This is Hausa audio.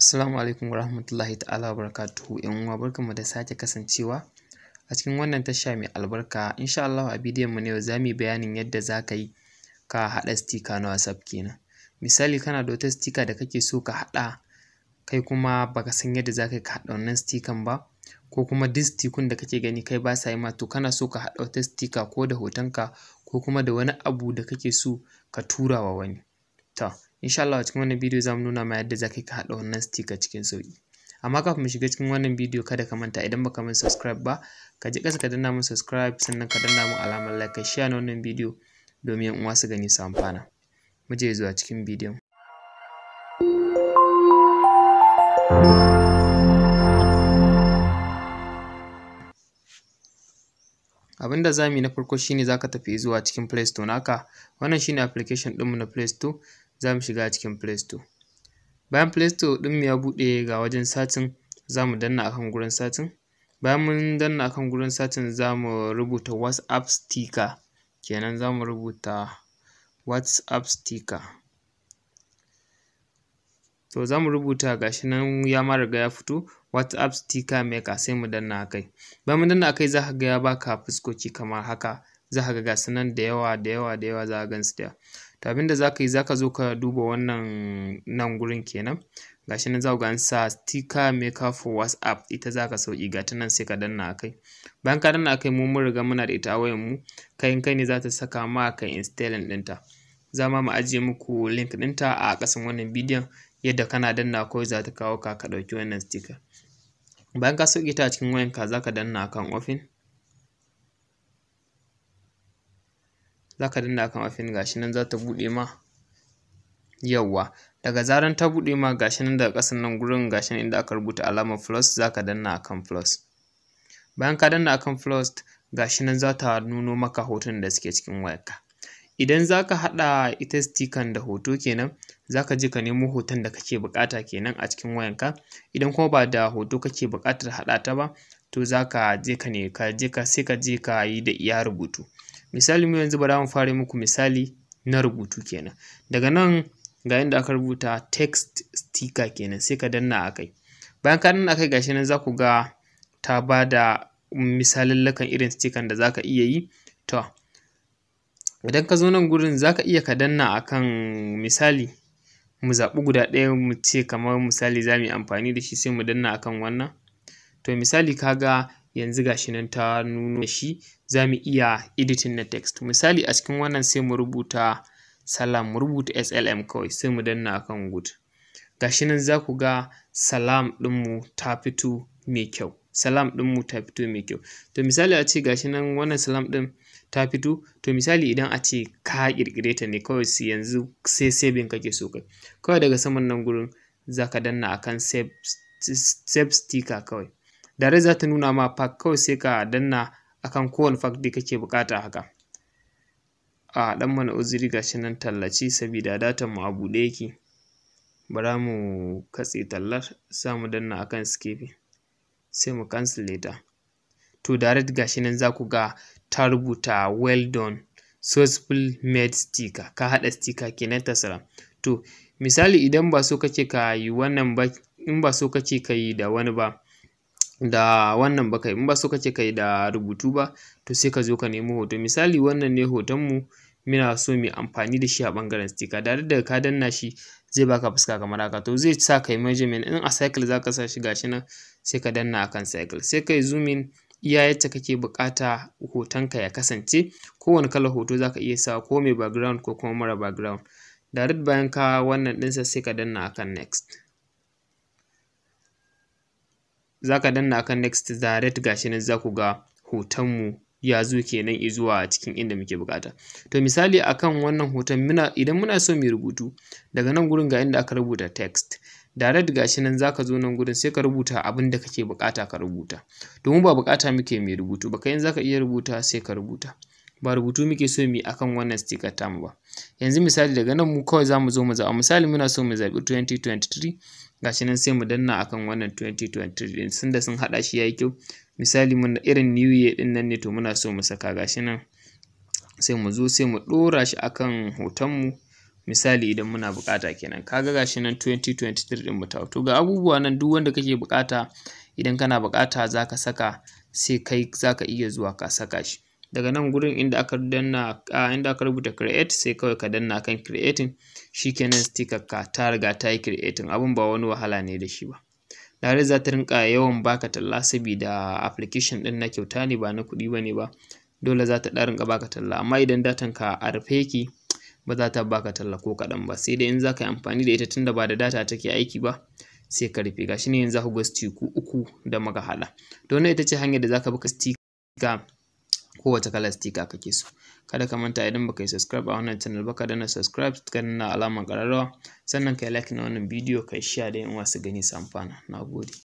Assalamu alaikum warahmatullahi ta'ala barakatuhu ‘yan uwa barkanmu da sake kasancewa a cikin wannan tasha mai albarka insha Allah a bidiyon mu na yau zamu yi bayanin yadda zaka yi ka haɗa stika na WhatsApp kenan misali kana da wata stika da kake so ka haɗa kai kuma baka san yadda zaka yi ka haɗa wannan stikan ba ko kuma duk stikun da kake gani kai ba sa yi ma to kana so ka haɗa wata stika ko da hotonka ko kuma da wani abu da kake so ka tura wa wani To, insha Allah a cikin wannan bidiyo za mu nuna ma yadda za ka haɗa wannan sticker cikin sauƙi. Amma kafin mu shiga cikin wannan bidiyo kada ka manta idan baka min subscribe ba, ka je ƙasa ka danna min subscribe sannan ka danna min alamar like ka share na wannan bidiyo domin yan uwa su gani su amfana. Mu je zuwa cikin bidiyon. abin da za mu yi na farko shi ne za ka tafi zuwa cikin play store naka wannan shine application ɗinmu na play store za mu shiga cikin Play Store. Bayan Play Store ɗinmu ya buɗe ga wajen satin za mu danna a kan gurin satin. Bayan mun danna a kan gurin satin za mu rubuta WhatsApp sticker kenan za mu rubuta WhatsApp sticker. To za mu rubuta ga shi nan ya ma riga ya fito WhatsApp sticker maker sai mu danna a kai. Bayan mun danna a kai za ka ga ya baka fuskoki kamar haka za ka ga ga su nan da yawa da yawa da yawa za ka gan su da yawa. to abinda zaka yi zaka zo ka duba wannan nan gurin kenan gashi nan zaku ga an sa sticker maker for whatsapp ita zaka sauki gata nan sai ka danna akai bayan ka danna akai mu mun riga muna da ita a wayan mu kai kai ne zata saka ma kai installing ɗinta zama mu ajiye muku link ɗinta a ƙasan wannan bidiyon yadda kana danna kawai zata kawo ka ka ɗauki wannan sticker bayan ka sauke ta a cikin wayanka zaka danna akan open za ka danna akan afin gashi nan za ta buɗe ma yawwa daga zaran ta buɗe ma gashi nan daga ƙasan nan gurin gashi nan inda aka rubuta alamar plus za ka danna akan plus bayan ka danna akan plus gashi nan za ta nuno maka hoton da suke cikin wayarka idan za ka haɗa ita stikan da hoto kenan za ka je ka nemo hoton da kake buƙata kenan a cikin wayanka idan kuma ba da hoto kake buƙatar haɗa ta ba to za ka je ka ne ka je ka sai ka je ka yi da iya rubutu misali mu yanzu ba da mu fara muku misali na rubutu kenan daga nan ga inda aka rubuta text sticker kenan sai ka danna a kai bayan ka danna a kai gashi nan za ku ga ta ba da misalin irin stikan da za ka iya yi to idan ka zo nan gurin za ka iya ka danna a kan misali mu zaɓi guda ɗaya mu ce kamar misali za mu yi amfani da shi sai mu danna akan wannan to misali kaga yanzu gashi nan ta nuno shi zamu iya editing na text misali a cikin wannan sai mu rubuta salam mu rubuta SLM kawai sai mu danna akan good gashi nan za ku ga salam ɗinmu ta fito mai kyau salam ɗinmu ta fito mai kyau to misali a ce gashi nan wannan salam ɗin ta fito to misali idan a ce ka kirkire ta ne kawai yanzu sai saving kake so kai kawai daga saman nan gurin zaka danna akan save save sticker kawai rai za ta nuna ma pack kawai sai ka danna akan kowane pack da kake bukata haka a dan mana uzuri shi nan tallaci sabida datan mu a bude yake bara mu katse tallar sa mu danna akan skipping sai mu cancel ta to direct shi nan za ku ga ta rubuta well done successful made sticker ka hada sticker kenan ta sara to misali idan ba so kake ka yi wannan ba in ba so kake ka yi da wani ba da wannan ba in ba so kake kai da rubutu ba to sai ka zo ka nemi hoto misali wannan ne hoton mu muna so mu amfani da shi a ɓangaren sticker da da ka danna shi zai baka fuska kamar haka to zai sa kai measurement in a cycle zaka sa shi gashi nan sai ka danna akan cycle sai kai zoom in iya yadda kake buƙata hotonka ya kasance kowane kalar hoto zaka iya sa ko mai background ko kuma mara background direct bayan ka wannan ɗinsa sai ka danna akan next za ka danna akan next direct gashi nan za ku ga mu ya zo kenan izuwa cikin inda muke bukata to misali akan wannan hoton muna idan muna so mu rubutu daga nan gurin ga inda aka rubuta text direct gashi nan zaka zo nan gurin sai ka rubuta abin da kake bukata ka rubuta domin ba bukata muke mai rubutu ba kai in zaka iya rubuta sai ka rubuta ba rubutu muke so mu akan wannan sticker tamu ba yanzu misali daga nan mu kawai zamu zo mu zaɓa misali muna so mu zaɓi 2023 gashi nan sai mu danna akan wannan 2023 din sun da sun haɗa shi yayi kyau misali mun irin new year din nan ne to muna so mu saka gashi nan sai mu zo sai mu ɗora shi akan hoton mu misali idan muna buƙata kenan kaga gashi nan 2023 din mu to ga abubuwa nan duk wanda kake buƙata idan kana buƙata zaka saka sai kai zaka iya zuwa ka saka shi daga nan gurin inda aka danna a inda aka rubuta create sai kawai ka danna kan creating shikenan sticker ka ta riga ta yi creating abun ba wani wahala ne da shi ba Lare za ta rinka yawan baka talla saboda application din na kyauta ne ba na kuɗi bane ba dole za ta rinka baka talla amma idan datan ka a rufe yake ba za ta baka talla ko kaɗan ba sai dai in za ka yi amfani da ita tunda ba da data take aiki ba sai ka rufe gashi ne yanzu za ku ga uku da muka haɗa to wannan ita ce hanyar da za ka bi ka sticker kowace kalar sticker kake so kada ka manta idan baka yi subscribe a wannan channel ba ka danna subscribe ka danna alamar ƙararrawa sannan ka yi like na wannan bidiyo ka yi share da yan wasu gani su amfana na gode